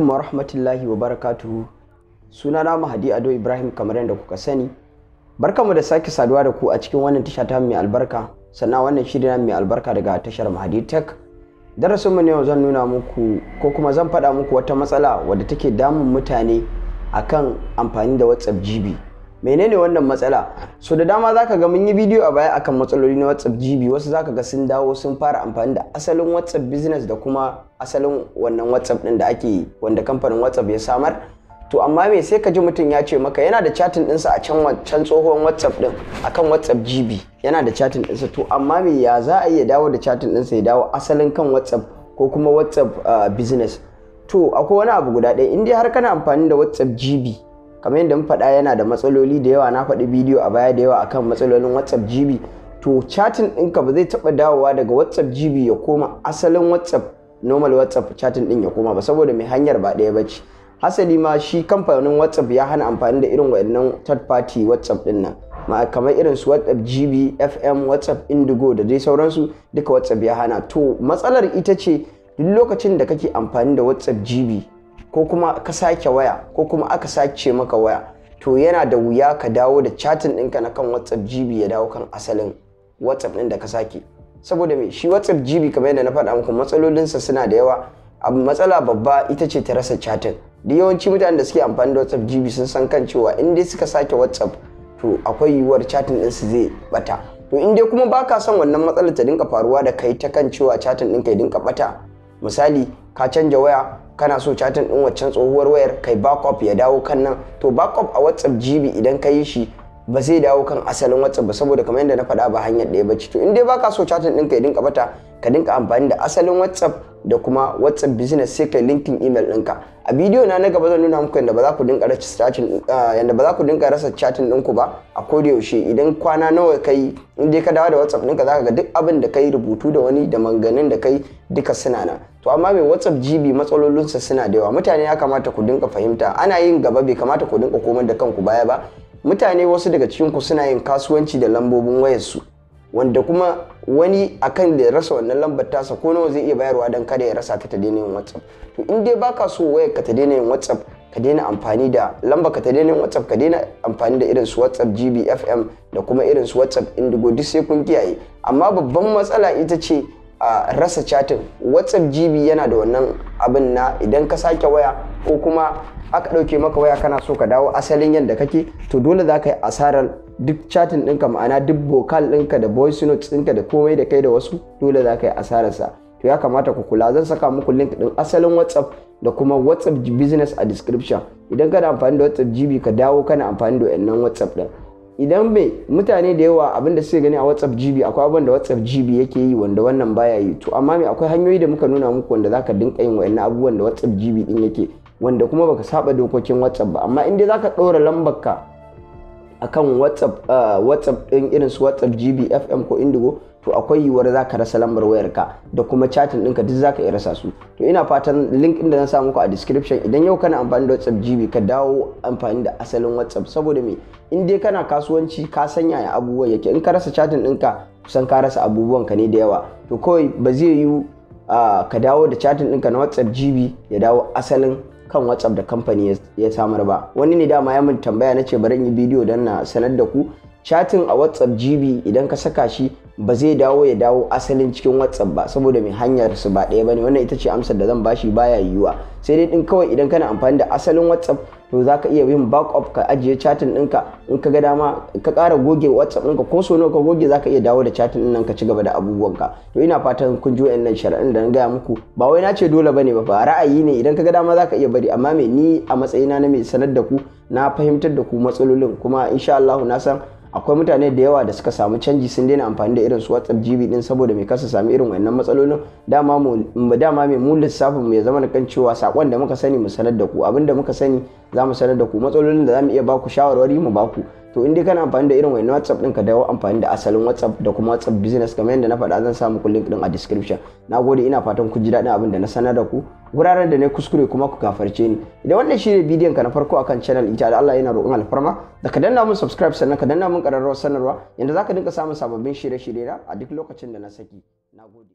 alaikum wa rahmatullahi wa barakatuhu suna na Mahadi Ado Ibrahim kamar yadda kuka sani barka mu da sake saduwa da ku a cikin wannan tasha ta mai albarka sannan wannan shiri na mai albarka daga tashar Mahadi Tech darasin mu ne yau zan nuna muku ko kuma zan faɗa muku wata matsala wadda take damun mutane akan amfani da WhatsApp GB menene wannan matsala so da dama zaka ga mun yi bidiyo a baya akan matsaloli na WhatsApp GB wasu zaka ga sun dawo sun fara amfani da asalin WhatsApp business da kuma asalin wannan WhatsApp din da ake wanda kamfanin WhatsApp ya samar to amma me sai ka ji mutum ya ce maka yana da chatting ɗinsa a can wancan tsohon WhatsApp din akan WhatsApp GB yana da chatting ɗinsa to amma me ya za a iya dawo da chatting ɗinsa ya dawo asalin kan WhatsApp ko kuma WhatsApp ah, business to akwai wani abu guda ɗaya in dai har kana amfani da WhatsApp GB kamar yadda mun faɗa yana da matsaloli da yawa na faɗi bidiyo a baya da yawa akan matsalolin whatsapp gb to chatin ɗinka ba zai taɓa dawowa daga whatsapp gb ya koma asalin whatsapp normal whatsapp chatin ɗin ya koma ba saboda mai hanyar ba ɗaya ba ce hasali ma shi kamfanin whatsapp ya hana amfani da irin waɗannan third party whatsapp ɗin nan kamar irin su whatsapp gb fm whatsapp indigo da dai sauransu duka whatsapp ya hana to matsalar ita ce duk lokacin da kake amfani da whatsapp gb ko kuma ka sake waya ko kuma aka sace maka waya to yana da wuya ka dawo da chatin ɗinka na kan whatsapp gb ya dawo kan asalin whatsapp ɗin da ka sake saboda me shi whatsapp gb kamar yadda na faɗa muku matsalolinsa suna da yawa abu matsala babba ita ce ta rasa chatin da yawanci mutanen da suke amfani da whatsapp gb sun san kan cewa in dai suka sake whatsapp to akwai yiwuwar chatin su zai bata to in dai kuma baka son wannan matsalar ta dinka faruwa da kai ta kan cewa chatin ɗinka ya dinka bata misali ka canja waya kana so chatin din waccan tsohuwar wayar kai backup ya dawo kan nan to backup a whatsapp gb idan ka yi shi ba zai dawo kan asalin whatsapp ba saboda kamar yadda na faɗa ba hanyar ɗaya ba to in dai baka so chatin ka ya dinka bata ka dinka amfani da asalin whatsapp da kuma whatsapp business sai kai linkin email ɗinka a bidiyo na na gaba zan nuna muku yadda ba za ku dinka rasa chatin ah, yadda ba za ku dinka rasa chatin ku ba a yaushe idan kwana nawa kai in dai ka dawo da whatsapp ɗinka zaka ga duk abin da kai rubutu da wani da manganin da kai duka suna nan to amma mai whatsapp gb matsalolinsa suna da yawa mutane ya kamata ku dinka fahimta ana yin gaba bai kamata ku dinka komai da kanku baya ba mutane wasu daga cikinku suna yin kasuwanci da lambobin wayarsu wanda kuma wani akan da ya rasa wannan lambar tasa ko nawa zai iya bayarwa don kada ya rasa ka ta daina yin whatsapp to in dai baka so wayar ka ta daina yin whatsapp ka daina amfani da lamba ka ta daina yin whatsapp ka daina amfani da irin su whatsapp gbfm da kuma irin su whatsapp indigo duk sai kun kiyaye amma babban matsala ita ce a rasa chatin whatsapp gb yana da wannan abin na idan ka sake waya ko kuma aka ɗauke maka waya kana so ka dawo asalin yadda kake to dole za ka yi asarar duk chatin dinka ma'ana duk vocal dinka da voice notes ɗinka da komai da kai da wasu dole za ka yi asararsa to ya kamata ku kula zan saka muku link ɗin asalin whatsapp da kuma whatsapp business a description idan kana amfani da whatsapp gb ka dawo kana amfani da wannan whatsapp ɗin idan bai mutane da yawa abin da suke gani a whatsapp gb akwai abin da whatsapp gb yake yi wanda wannan baya yi to amma me akwai hanyoyi da muka nuna muku wanda zaka dinka yin wayannan abubuwan da whatsapp gb din yake wanda kuma baka saba dokokin whatsapp ba amma in dai zaka ɗora lambar ka akan whatsapp uh, whatsapp din irin su whatsapp fm ko indigo to akwai yiwuwar za ka rasa lambar wayarka da kuma chatin ɗinka duk za ka iya rasa su to ina fatan link ɗin da na sa muku a description idan yau kana amfani da whatsapp gb ka dawo amfani da asalin whatsapp saboda me in dai kana kasuwanci ka sanya ya abubuwan yake in ka rasa chatin ɗinka kusan ka rasa abubuwan ka ne da yawa to kawai ba zai yiwu uh, ka dawo da chatin ɗinka na whatsapp gb ya dawo asalin kan whatsapp da kamfani ya samar ba wani ne dama ya mun tambaya na ce bari in yi bidiyo don na sanar da ku chatin a whatsapp gb idan ka saka shi ba zai dawo ya dawo asalin cikin whatsapp ba saboda mai hanyar su ba ɗaya bane wannan ita ce amsar da zan bashi baya yiwuwa sai dai din kawai idan kana amfani da asalin whatsapp to za ka iya yin backup ka ajiye chatin ɗinka in ka ga dama ka ƙara goge whatsapp ɗinka ko so nawa ka goge za ka iya dawo da chatin ɗin nan ka ci gaba da abubuwanka to ina fatan kun ji wa'annan shari'an da na gaya muku ba wai na ce dole bane ba ra'ayi ne idan ka ga dama za ka iya bari amma me ni a matsayina na mai sanar da ku na fahimtar da ku matsalolin kuma insha Allah na san akwai mutane da yawa da suka samu canji sun daina amfani da irin su whatsapp gb din saboda mai kasa sami irin wannan matsalolin dama dama mai mu lissafin mu ya zama kan cewa sakon da muka sani mu sanar da ku abin da muka sani za mu sanar da ku matsalolin da za mu iya baku shawarwari mu baku to in dai kana amfani da irin wayannan WhatsApp ɗin ka dawo amfani da asalin WhatsApp da kuma WhatsApp business kamar yadda na faɗa zan samu ku link ɗin a description nagode ina fatan ku ji daɗin abin da na sanar da ku wuraren da na kuskure kuma ku gafarce ni idan wannan shine bidiyon ka na farko akan channel ita da Allah yana roƙon alfarma da ka danna mun subscribe sannan ka danna mun ƙararrawar sanarwa yanda zaka dinka samun sababbin shirye-shirye a duk lokacin da na saki nagode